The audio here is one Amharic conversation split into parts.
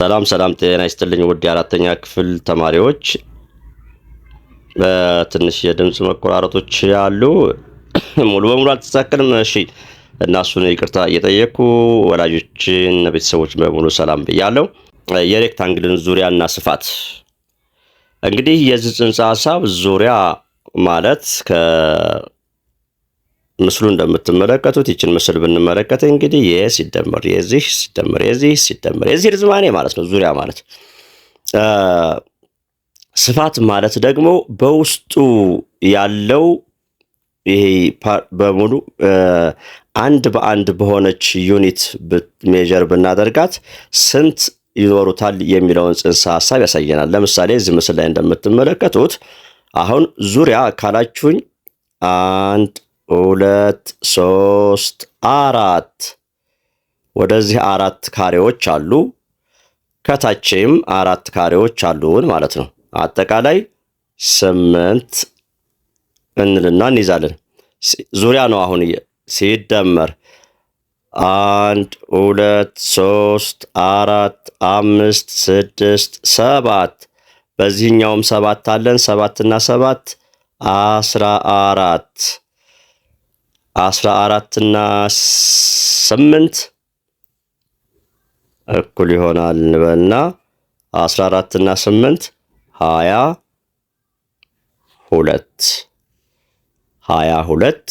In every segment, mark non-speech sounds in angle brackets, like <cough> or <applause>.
ሰላም ሰላም፣ ጤና ይስጥልኝ ውድ የአራተኛ ክፍል ተማሪዎች። ትንሽ የድምፅ መቆራረጦች አሉ። <coughs> ሙሉ በሙሉ አልተሳከልም። እሺ፣ እና እሱን ይቅርታ እየጠየኩ ወላጆችን፣ ቤተሰቦች በሙሉ ሰላም ብያለሁ። የሬክታንግልን ዙሪያ እና ስፋት እንግዲህ የዚህ ጽንሰ ሀሳብ ዙሪያ ማለት ከ ምስሉ እንደምትመለከቱት ይችን ምስል ብንመለከት እንግዲህ ይህ ሲደመር የዚህ ሲደመር የዚህ ሲደመር የዚህ ርዝማኔ ማለት ነው ዙሪያ ማለት ስፋት ማለት ደግሞ በውስጡ ያለው ይሄ በሙሉ አንድ በአንድ በሆነች ዩኒት ሜጀር ብናደርጋት ስንት ይኖሩታል የሚለውን ጽንሰ ሀሳብ ያሳየናል። ለምሳሌ እዚህ ምስል ላይ እንደምትመለከቱት አሁን ዙሪያ ካላችሁኝ አንድ ሁለት፣ ሶስት፣ አራት ወደዚህ አራት ካሬዎች አሉ። ከታችም አራት ካሬዎች አሉን ማለት ነው። አጠቃላይ ስምንት እንልና እንይዛለን። ዙሪያ ነው አሁን ሲደመር አንድ ሁለት ሶስት አራት አምስት ስድስት ሰባት በዚህኛውም ሰባት አለን። ሰባትና ሰባት አስራ አራት አስራ አራትና ስምንት እኩል ይሆናል እንበልና አስራ አራትና ስምንት ሀያ ሁለት ሀያ ሁለት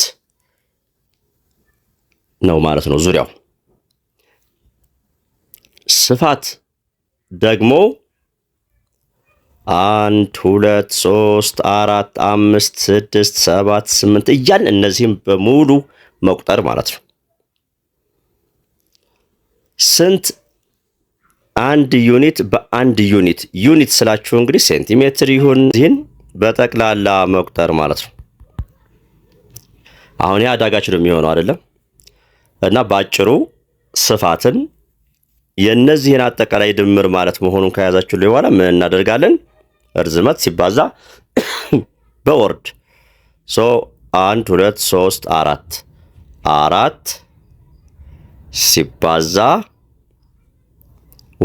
ነው ማለት ነው ዙሪያው ስፋት ደግሞ አንድ ሁለት ሶስት አራት አምስት ስድስት ሰባት ስምንት እያን እነዚህም በሙሉ መቁጠር ማለት ነው። ስንት አንድ ዩኒት በአንድ ዩኒት ዩኒት ስላችሁ እንግዲህ ሴንቲሜትር ይሁን ይህን በጠቅላላ መቁጠር ማለት ነው። አሁን ይህ አዳጋች ነው የሚሆነው አይደለም እና በአጭሩ ስፋትን የእነዚህን አጠቃላይ ድምር ማለት መሆኑን ከያዛችሁ በኋላ ምን እናደርጋለን? እርዝመት ሲባዛ <coughs> በወርድ ሶ አንድ ሁለት ሶስት አራት አራት ሲባዛ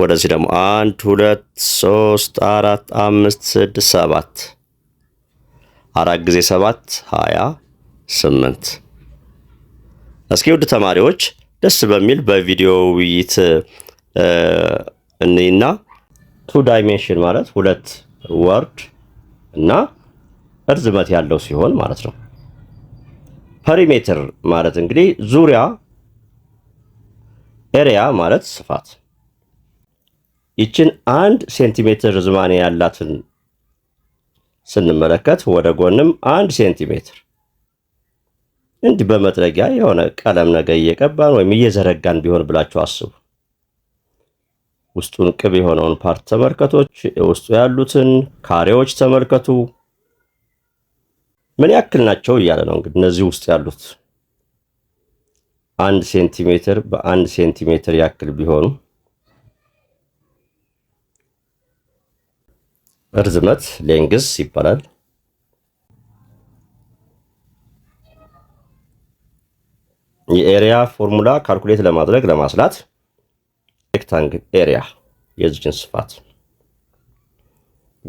ወደዚህ ደግሞ አንድ ሁለት ሶስት አራት አምስት ስድስት ሰባት አራት ጊዜ ሰባት ሀያ ስምንት እስኪ ውድ ተማሪዎች ደስ በሚል በቪዲዮ ውይይት እኔና ቱ ዳይሜንሽን ማለት ሁለት ወርድ እና እርዝመት ያለው ሲሆን ማለት ነው። ፐሪሜትር ማለት እንግዲህ ዙሪያ፣ ኤሪያ ማለት ስፋት። ይችን አንድ ሴንቲሜትር ዝማኔ ያላትን ስንመለከት ወደ ጎንም አንድ ሴንቲሜትር እንዲህ በመጥረጊያ የሆነ ቀለም ነገር እየቀባን ወይም እየዘረጋን ቢሆን ብላችሁ አስቡ። ውስጡን ቅብ የሆነውን ፓርት ተመልከቶች፣ ውስጡ ያሉትን ካሬዎች ተመልከቱ። ምን ያክል ናቸው እያለ ነው እንግዲህ እነዚህ ውስጥ ያሉት አንድ ሴንቲሜትር በአንድ ሴንቲሜትር ያክል ቢሆኑ እርዝመት ሌንግስ ይባላል። የኤሪያ ፎርሙላ ካልኩሌት ለማድረግ ለማስላት ሬክታንግ ኤሪያ የዚችን ስፋት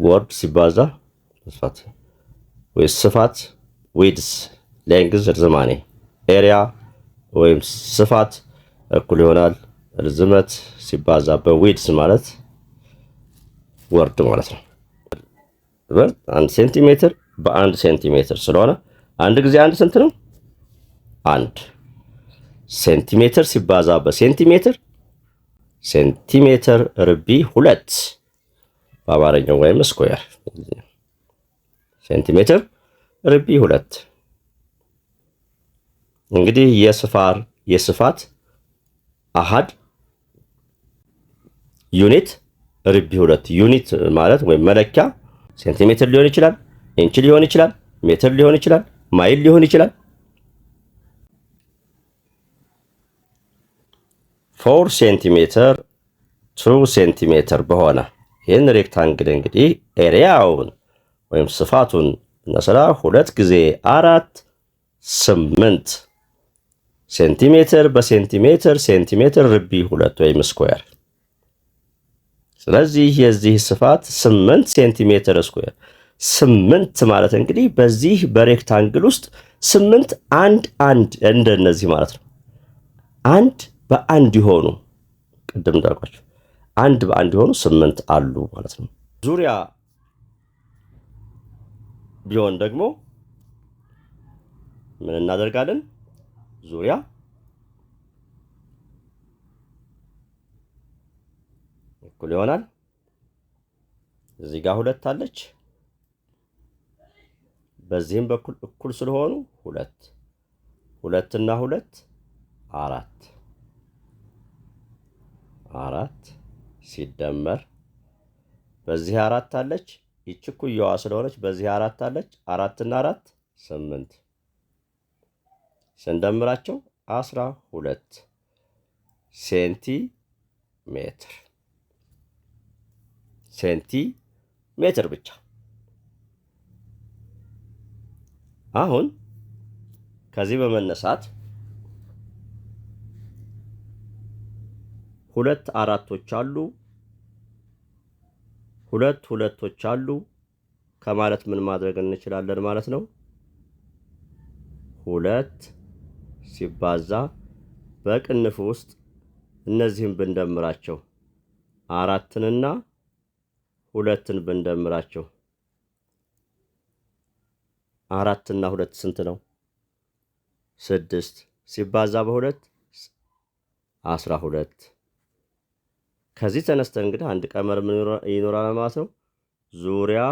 ወርድ ሲባዛ ስፋት ወይ ስፋት ዊድስ ሌንግዝ እርዝማኔ ኤሪያ ወይም ስፋት እኩል ይሆናል ርዝመት ሲባዛ በዊድስ ማለት ወርድ ማለት ነው። አንድ ሴንቲሜትር በአንድ ሴንቲሜትር ስለሆነ አንድ ጊዜ አንድ ስንት ነው? አንድ ሴንቲሜትር ሲባዛ በሴንቲሜትር ሴንቲሜትር ርቢ ሁለት በአማርኛው ወይም ስኩዌር ሴንቲሜትር ርቢ ሁለት እንግዲህ የስፋር የስፋት አሃድ ዩኒት ርቢ ሁለት ዩኒት ማለት ወይም መለኪያ ሴንቲሜትር ሊሆን ይችላል፣ ኢንች ሊሆን ይችላል፣ ሜትር ሊሆን ይችላል፣ ማይል ሊሆን ይችላል። ፎር ሴንቲሜትር ቱ ሴንቲሜትር በሆነ ይህን ሬክታንግል እንግዲህ ኤሪያውን ወይም ስፋቱን ብናሰላ ሁለት ጊዜ አራት ስምንት ሴንቲሜትር በሴንቲሜትር ሴንቲሜትር ርቢ ሁለት ወይም ስኩዌር። ስለዚህ የዚህ ስፋት ስምንት ሴንቲሜትር ስኩዌር ስምንት ማለት እንግዲህ በዚህ በሬክታንግል ውስጥ ስምንት አንድ አንድ እንደነዚህ ማለት ነው አንድ በአንድ የሆኑ ቅድም እንዳልኳቸው አንድ በአንድ የሆኑ ስምንት አሉ ማለት ነው። ዙሪያ ቢሆን ደግሞ ምን እናደርጋለን? ዙሪያ እኩል ይሆናል። እዚህ ጋር ሁለት አለች። በዚህም በኩል እኩል ስለሆኑ ሁለት ሁለትና ሁለት አራት አራት ሲደመር በዚህ አራት አለች። ይች ኩየዋ ስለሆነች በዚህ አራት አለች። አራትና አራት ስምንት ስንደምራቸው አስራ ሁለት ሴንቲ ሜትር ሴንቲ ሜትር ብቻ። አሁን ከዚህ በመነሳት ሁለት አራቶች አሉ፣ ሁለት ሁለቶች አሉ ከማለት ምን ማድረግ እንችላለን ማለት ነው። ሁለት ሲባዛ በቅንፍ ውስጥ እነዚህን ብንደምራቸው አራትንና ሁለትን ብንደምራቸው አራትና ሁለት ስንት ነው? ስድስት ሲባዛ በሁለት አስራ ሁለት ከዚህ ተነስተን እንግዲህ አንድ ቀመር ይኖራል ማለት ነው። ዙሪያ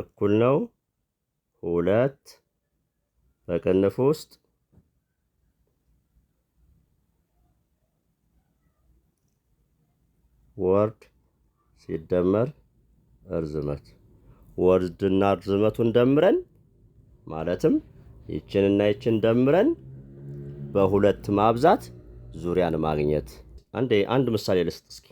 እኩል ነው ሁለት በቅንፍ ውስጥ ወርድ ሲደመር እርዝመት ወርድና እርዝመቱን ደምረን ማለትም ይችንና ይችን ደምረን በሁለት ማብዛት ዙሪያን ማግኘት አንድ አንድ ምሳሌ ልስጥ እስኪ።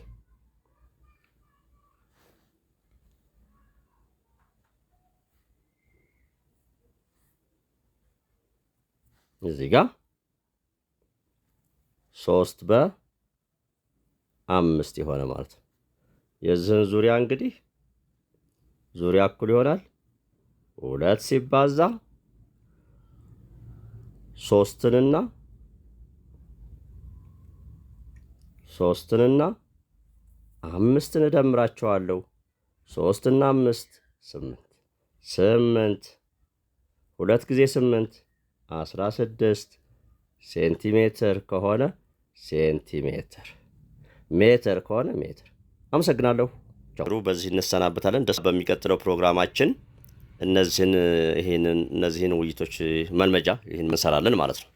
እዚህ ጋር ሶስት በአምስት የሆነ ማለት ነው። የዚህን ዙሪያ እንግዲህ ዙሪያ እኩል ይሆናል ሁለት ሲባዛ ሶስትንና ሶስትንና አምስትን እደምራቸዋለሁ። ሶስትና አምስት ስምንት ስምንት ሁለት ጊዜ ስምንት አስራ ስድስት ሴንቲሜትር ከሆነ ሴንቲሜትር፣ ሜትር ከሆነ ሜትር። አመሰግናለሁ። ሩ በዚህ እንሰናበታለን። ደስ በሚቀጥለው ፕሮግራማችን እነዚህን ይህንን እነዚህን ውይይቶች መልመጃ ይህን እንሰራለን ማለት ነው።